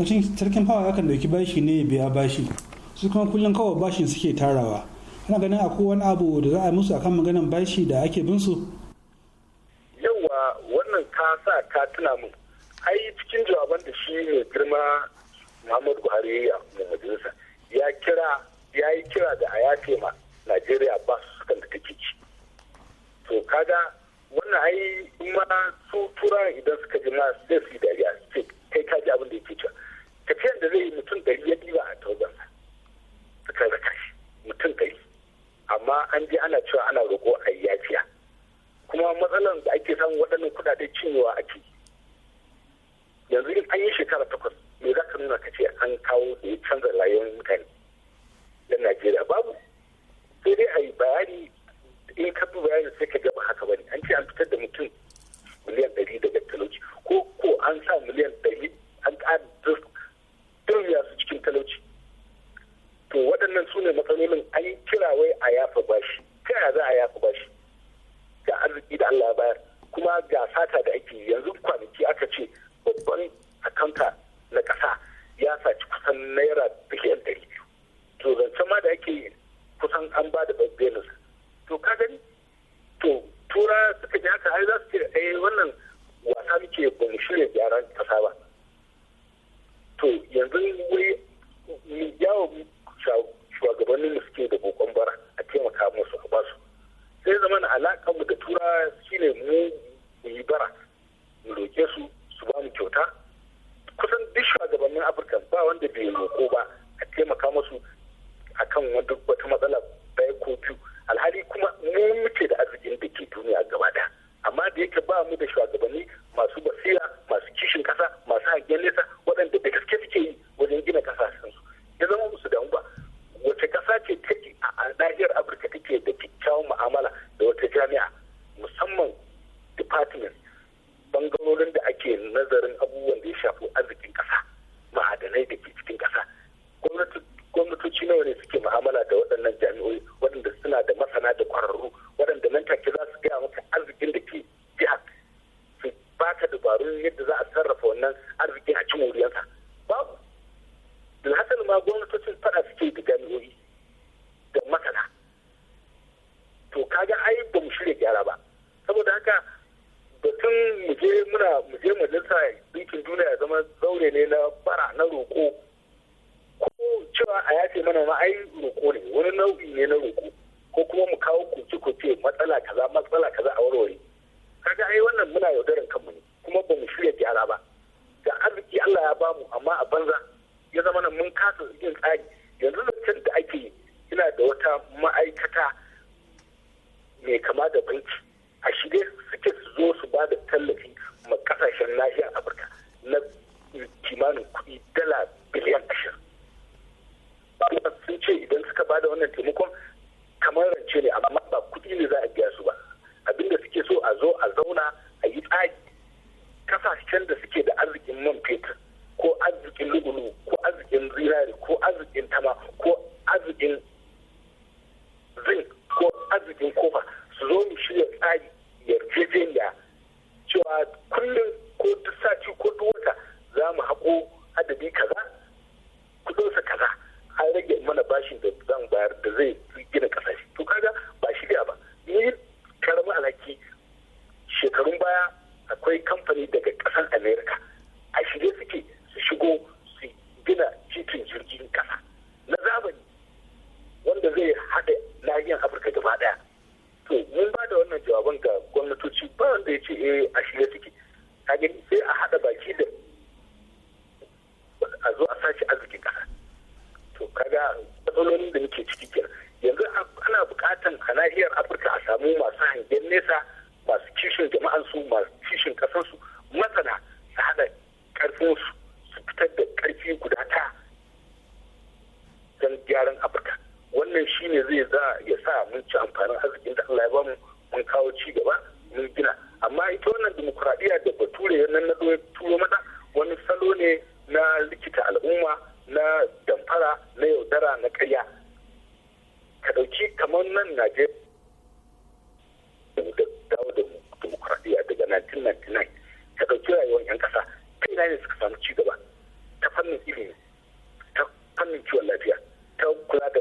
don sarkin fawa yakan dauki bashi ne ya biya bashi su kuma kullum kawai bashin suke tarawa ana ganin akwai wani abu da za a musu akan maganan bashi da ake bin su yawa wannan kasa ta ka tuna mu ai cikin jawaban da shi ne girma muhammadu buhari ya majalisa ya kira ya yi kira da a yafe ma najeriya ba su kan da take ci to kaga wannan ai kuma su idan suka ji na sai su dariya sai kai ka ji abin da yake cewa tafiyar da zai yi mutum ɗari ya ba a su kai raka shi mutum ɗari amma an je ana cewa ana roƙo a yafiya kuma matsalan da ake samun waɗannan kuɗaɗe cinyewa ake yanzu in an yi shekara takwas me za ka nuna ka ce an kawo da ya canza rayuwar mutane na Najeriya babu sai dai a yi bayani in ka bi yanzu sai ka ga ba haka bane an ce an fitar da mutum miliyan ɗari daga talauci ko ko an sa miliyan ɗari an ƙara dirya su cikin talauci to waɗannan su ne matsalolin an kira wai a yafa bashi ta yaya za a yafa bashi ga arziki da Allah bayar kuma ga sata da ake yanzu kwanaki aka ce babban akanta na ƙasa ya saci kusan naira biliyan ɗari to zancen ma da ake kusan an ba da bayanansa to ka gani to tura suka ji haka ai za su ce eh wannan wasa muke ba mu shirya gyaran kasa ba to yanzu wai mu yawo shugabannin da suke da bokon bara a taimaka musu a basu sai zama na alaƙa mu da tura shine mu mu yi bara mu roke su su ba mu kyauta kusan duk shugabannin afirka ba wanda bai roko ba a taimaka musu akan wata matsala ɗaya ko biyu alhali kuma mu muke da arzikin da ke duniya gaba da amma da yake ba mu da shugabanni masu basira masu kishin kasa masu hangen nesa waɗanda da gaske suke yi wajen gina kasashen su ya zama musu damu ba wace kasa ce ke a nahiyar afirka take da kyakkyawan mu'amala da wata jami'a musamman department bangarorin da ake nazarin abubuwan da ya shafi arzikin kasa ma'adanai da ke cikin kasa gwamnati. gwamnatoci nawa ne suke mu'amala da waɗannan jami'oi waɗanda suna da masana da kwararru waɗanda nan take za su gaya maka arzikin da ke jiha su ta dabarun yadda za a sarrafa wannan arzikin a cin wuriyarsa babu hasali ma gwamnatocin faɗa suke da jami'oi da masana to kaga ai ba mu shirya gyara ba saboda haka batun mu je muna mu je majalisa dinkin duniya ya zama zaure ne na bara na roƙo cewa a yace mana ai roko ne wani nau'i ne na roko ko kuma mu kawo kuce-kuce matsala kaza matsala kaza a warware kaga ai wannan muna yaudarin kanmu ne kuma ba mu shirya gyara ba da arziki Allah ya bamu amma a banza ya zama nan mun kasa yin tsari yanzu can da ake yi ina da wata ma'aikata mai kama da banki a shirye suke su zo su ba da tallafi ma kasashen nahiyar afirka na kimanin kuɗi dala biliyan ashirin malamar sun ce idan suka bada wannan taimakon kamar rance ne amma ba kuɗi ne za a biya su ba abinda suke so a zo a zauna a yi tsari kasashen da suke da arzikin man fetur ko arzikin lugulu ko arzikin zinari ko arzikin tama ko arzikin zinc ko arzikin kofa su zo mu shirya tsari yarjejeniya cewa kullum ko duk sati ko duk wata za mu haƙo adadi kaza kudinsa kaza an rage mana bashin da zan bayar da zai gina kasashe to kaga ba da ba ni karamin alhaki shekarun baya akwai kamfani daga kasar america a shirye suke su shigo su gina titin jirgin kasa na zamani wanda zai haɗa nahiyar afirka gaba daya to mun ba da wannan jawaban ga gwamnatoci ba wanda ya ce eh a shirye suke kage sai a haɗa baki da a zo a sace arzikin kasa to kaga matsalolin da muke ciki ke yanzu ana bukatan a nahiyar afirka a samu masu hangen nesa masu kishin jama'ansu masu kishin su masana su haɗa su fitar da ƙarfi guda ta don gyaran afirka wannan shine zai za ya sa mun ci amfanin arzikin da allah ya bamu mun kawo ci gaba mun gina amma ita wannan dimokuraɗiyya da bature nan na turo mata wani salo ne na likita al'umma na damfara na yaudara na karya ka dauki kamar nan najeriya da dawo da demokuraɗiyya daga 1999 ka dauki rayuwar 'yan kasa ta ina ne suka samu ci gaba ta fannin ilimi ta fannin kiwon lafiya ta kula da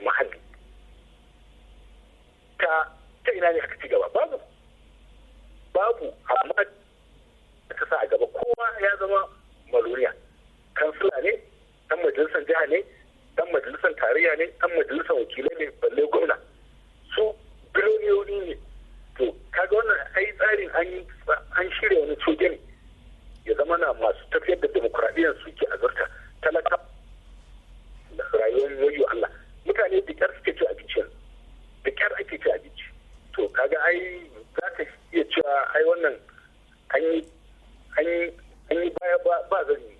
muhalli ta ta ina ne suka ci gaba babu babu amma ta sa a gaba kowa ya zama maloriya. kansila ne dan majalisar jiha ne dan majalisar tarayya ne dan majalisar wakilai ne balle gwamna su biloniyoyi ne to kaga wannan ai tsarin an shirya wani coge ne ya zama na masu tafiyar da demokuraɗiyyar ke azurta talaka da rayuwar yoyo Allah mutane da kyar suke ci abinci da kyar ake ci abinci to kaga ai za ka iya cewa ai wannan an yi baya ba zan yi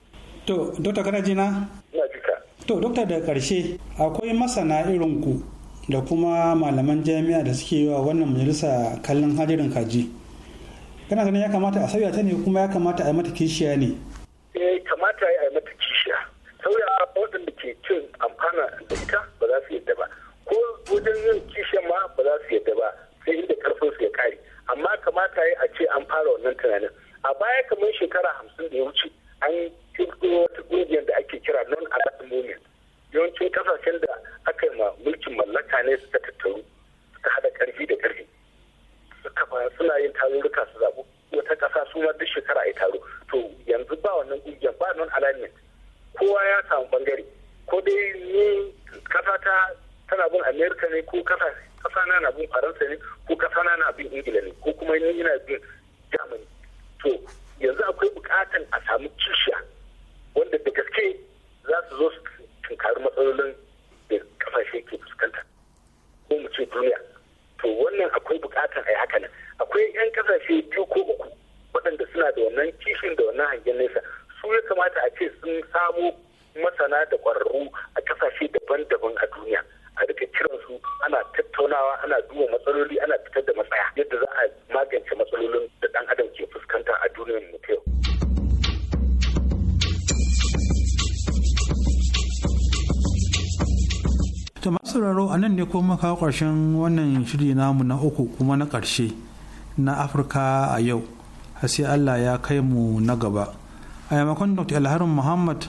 To, Dokta kana Ina jika. To, Dokta da ƙarshe akwai masana irin ku da kuma malaman jami'a da suke yi wa wannan majalisa kallon hadirin kaji. Kana ganin ya kamata a sauya ta ne kuma ya kamata a yi mata kishiya ne? Eh, kamata a yi mata kishiya. Sauya waɗanda ke cin amfana da ita ba za su yadda ba. Ko wajen yin kishiyan ma ba za su yadda ba sai inda karfin su ya kare. Amma kamata a ce an fara wannan tunanin. A baya kamar shekara hamsin da ya wuce an kirgo wata ƙungiyar da ake kira non alert movement yawancin kasashen da aka yi ma mulkin mallaka ne suka tattaru suka haɗa ƙarfi da ƙarfi suka suna yin tarurruka su zabu wata ƙasa su ma duk shekara a taro to yanzu ba wannan ƙungiyar ba non alignment kowa ya samu bangare ko dai ni kasa ta tana bin america ne ko kasa na na bin faransa ne ko kasa na na bin ingila ne ko kuma ni ina bin germany to yanzu akwai bukatan a samu kishiya wanda da gaske kawo ƙarshen wannan shiri namu na uku kuma na ƙarshe na afirka a yau sai allah ya kai mu na gaba a yamakon dr alharun muhammad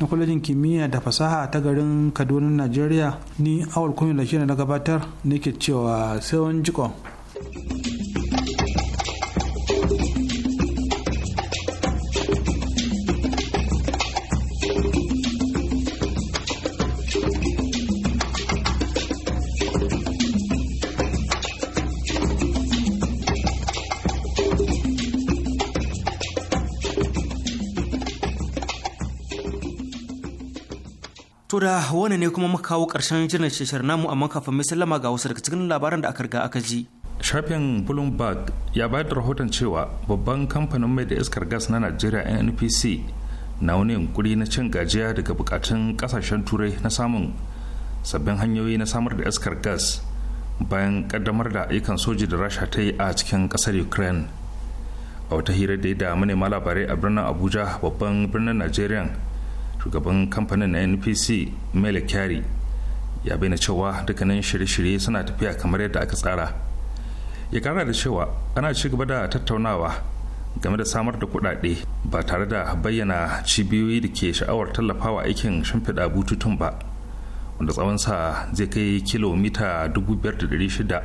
na kwalejin kimiyya da fasaha ta garin kaduna nigeria ni awal kuma da shi na gabatar nake cewa sai wani jikon da wani ne kuma muka kawo ƙarshen jiran shishar namu amma kafin mai sallama ga wasu daga cikin labaran da aka riga aka ji. Shafin Bloomberg ya bayar da rahoton cewa babban kamfanin mai da iskar gas na Najeriya NNPC na wani yunkuri na cin gajiya daga bukatun kasashen turai na samun sabbin hanyoyi na samar da iskar gas bayan kaddamar da ayyukan soji da rasha ta yi a cikin kasar ukraine a wata hira da da manema labarai a birnin abuja babban birnin najeriya shugaban kamfanin na npc mele kyari ya bayyana cewa dukkanin shirye-shirye suna tafiya kamar yadda aka tsara ya kara da cewa ana ci gaba da tattaunawa game da samar da kuɗaɗe ba tare da bayyana cibiyoyi da ke sha'awar tallafawa aikin shimfiɗa bututun ba wanda tsawonsa zai kai kilomita 5,600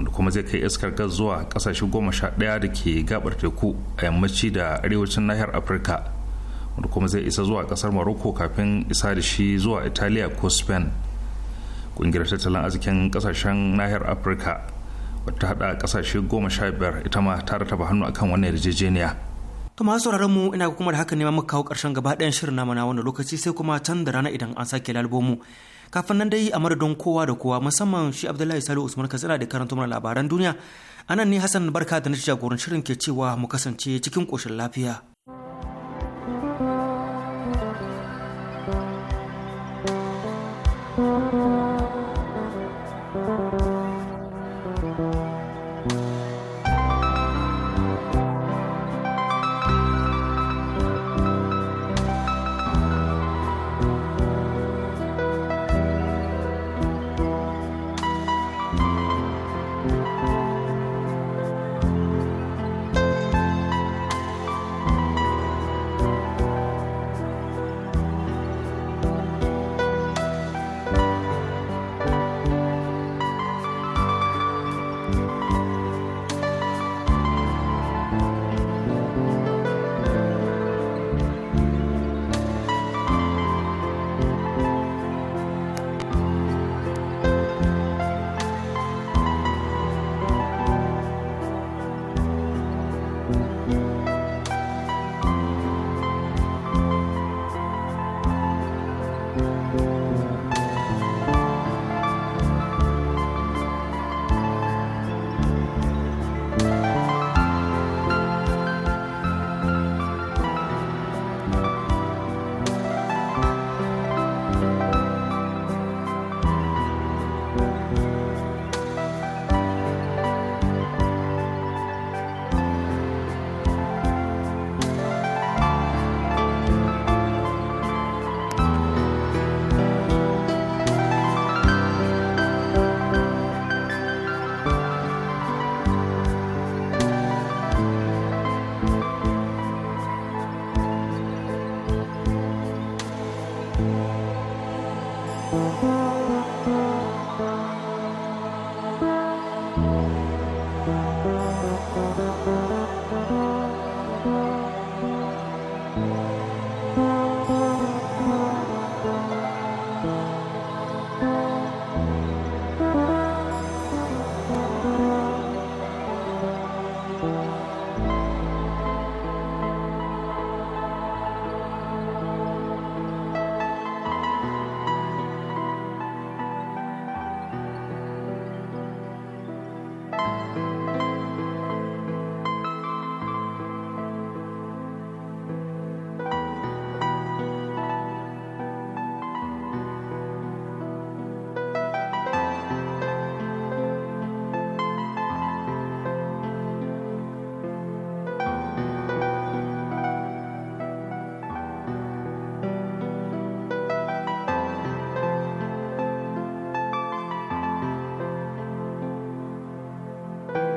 wanda kuma zai kai iskar gas zuwa ƙasashe goma sha ɗaya da ke gabar teku a yammaci da arewacin nahiyar afirka wanda kuma zai isa zuwa kasar morocco kafin isa da shi zuwa italiya ko spain kungiyar tattalin arzikin kasashen nahiyar afirka wata hada kasashe goma sha biyar ita ma ta rataba hannu akan wannan yarjejeniya to masu sauraron mu ina kuma da haka ne muka kawo karshen gaba ɗayan shirin namu na wannan lokaci sai kuma can da rana idan an sake lalbo mu kafin nan dai a madadin kowa da kowa musamman shi abdullahi salihu usman katsina da karanta mana labaran duniya anan ne hassan barka da na jagoran shirin ke cewa mu kasance cikin koshin lafiya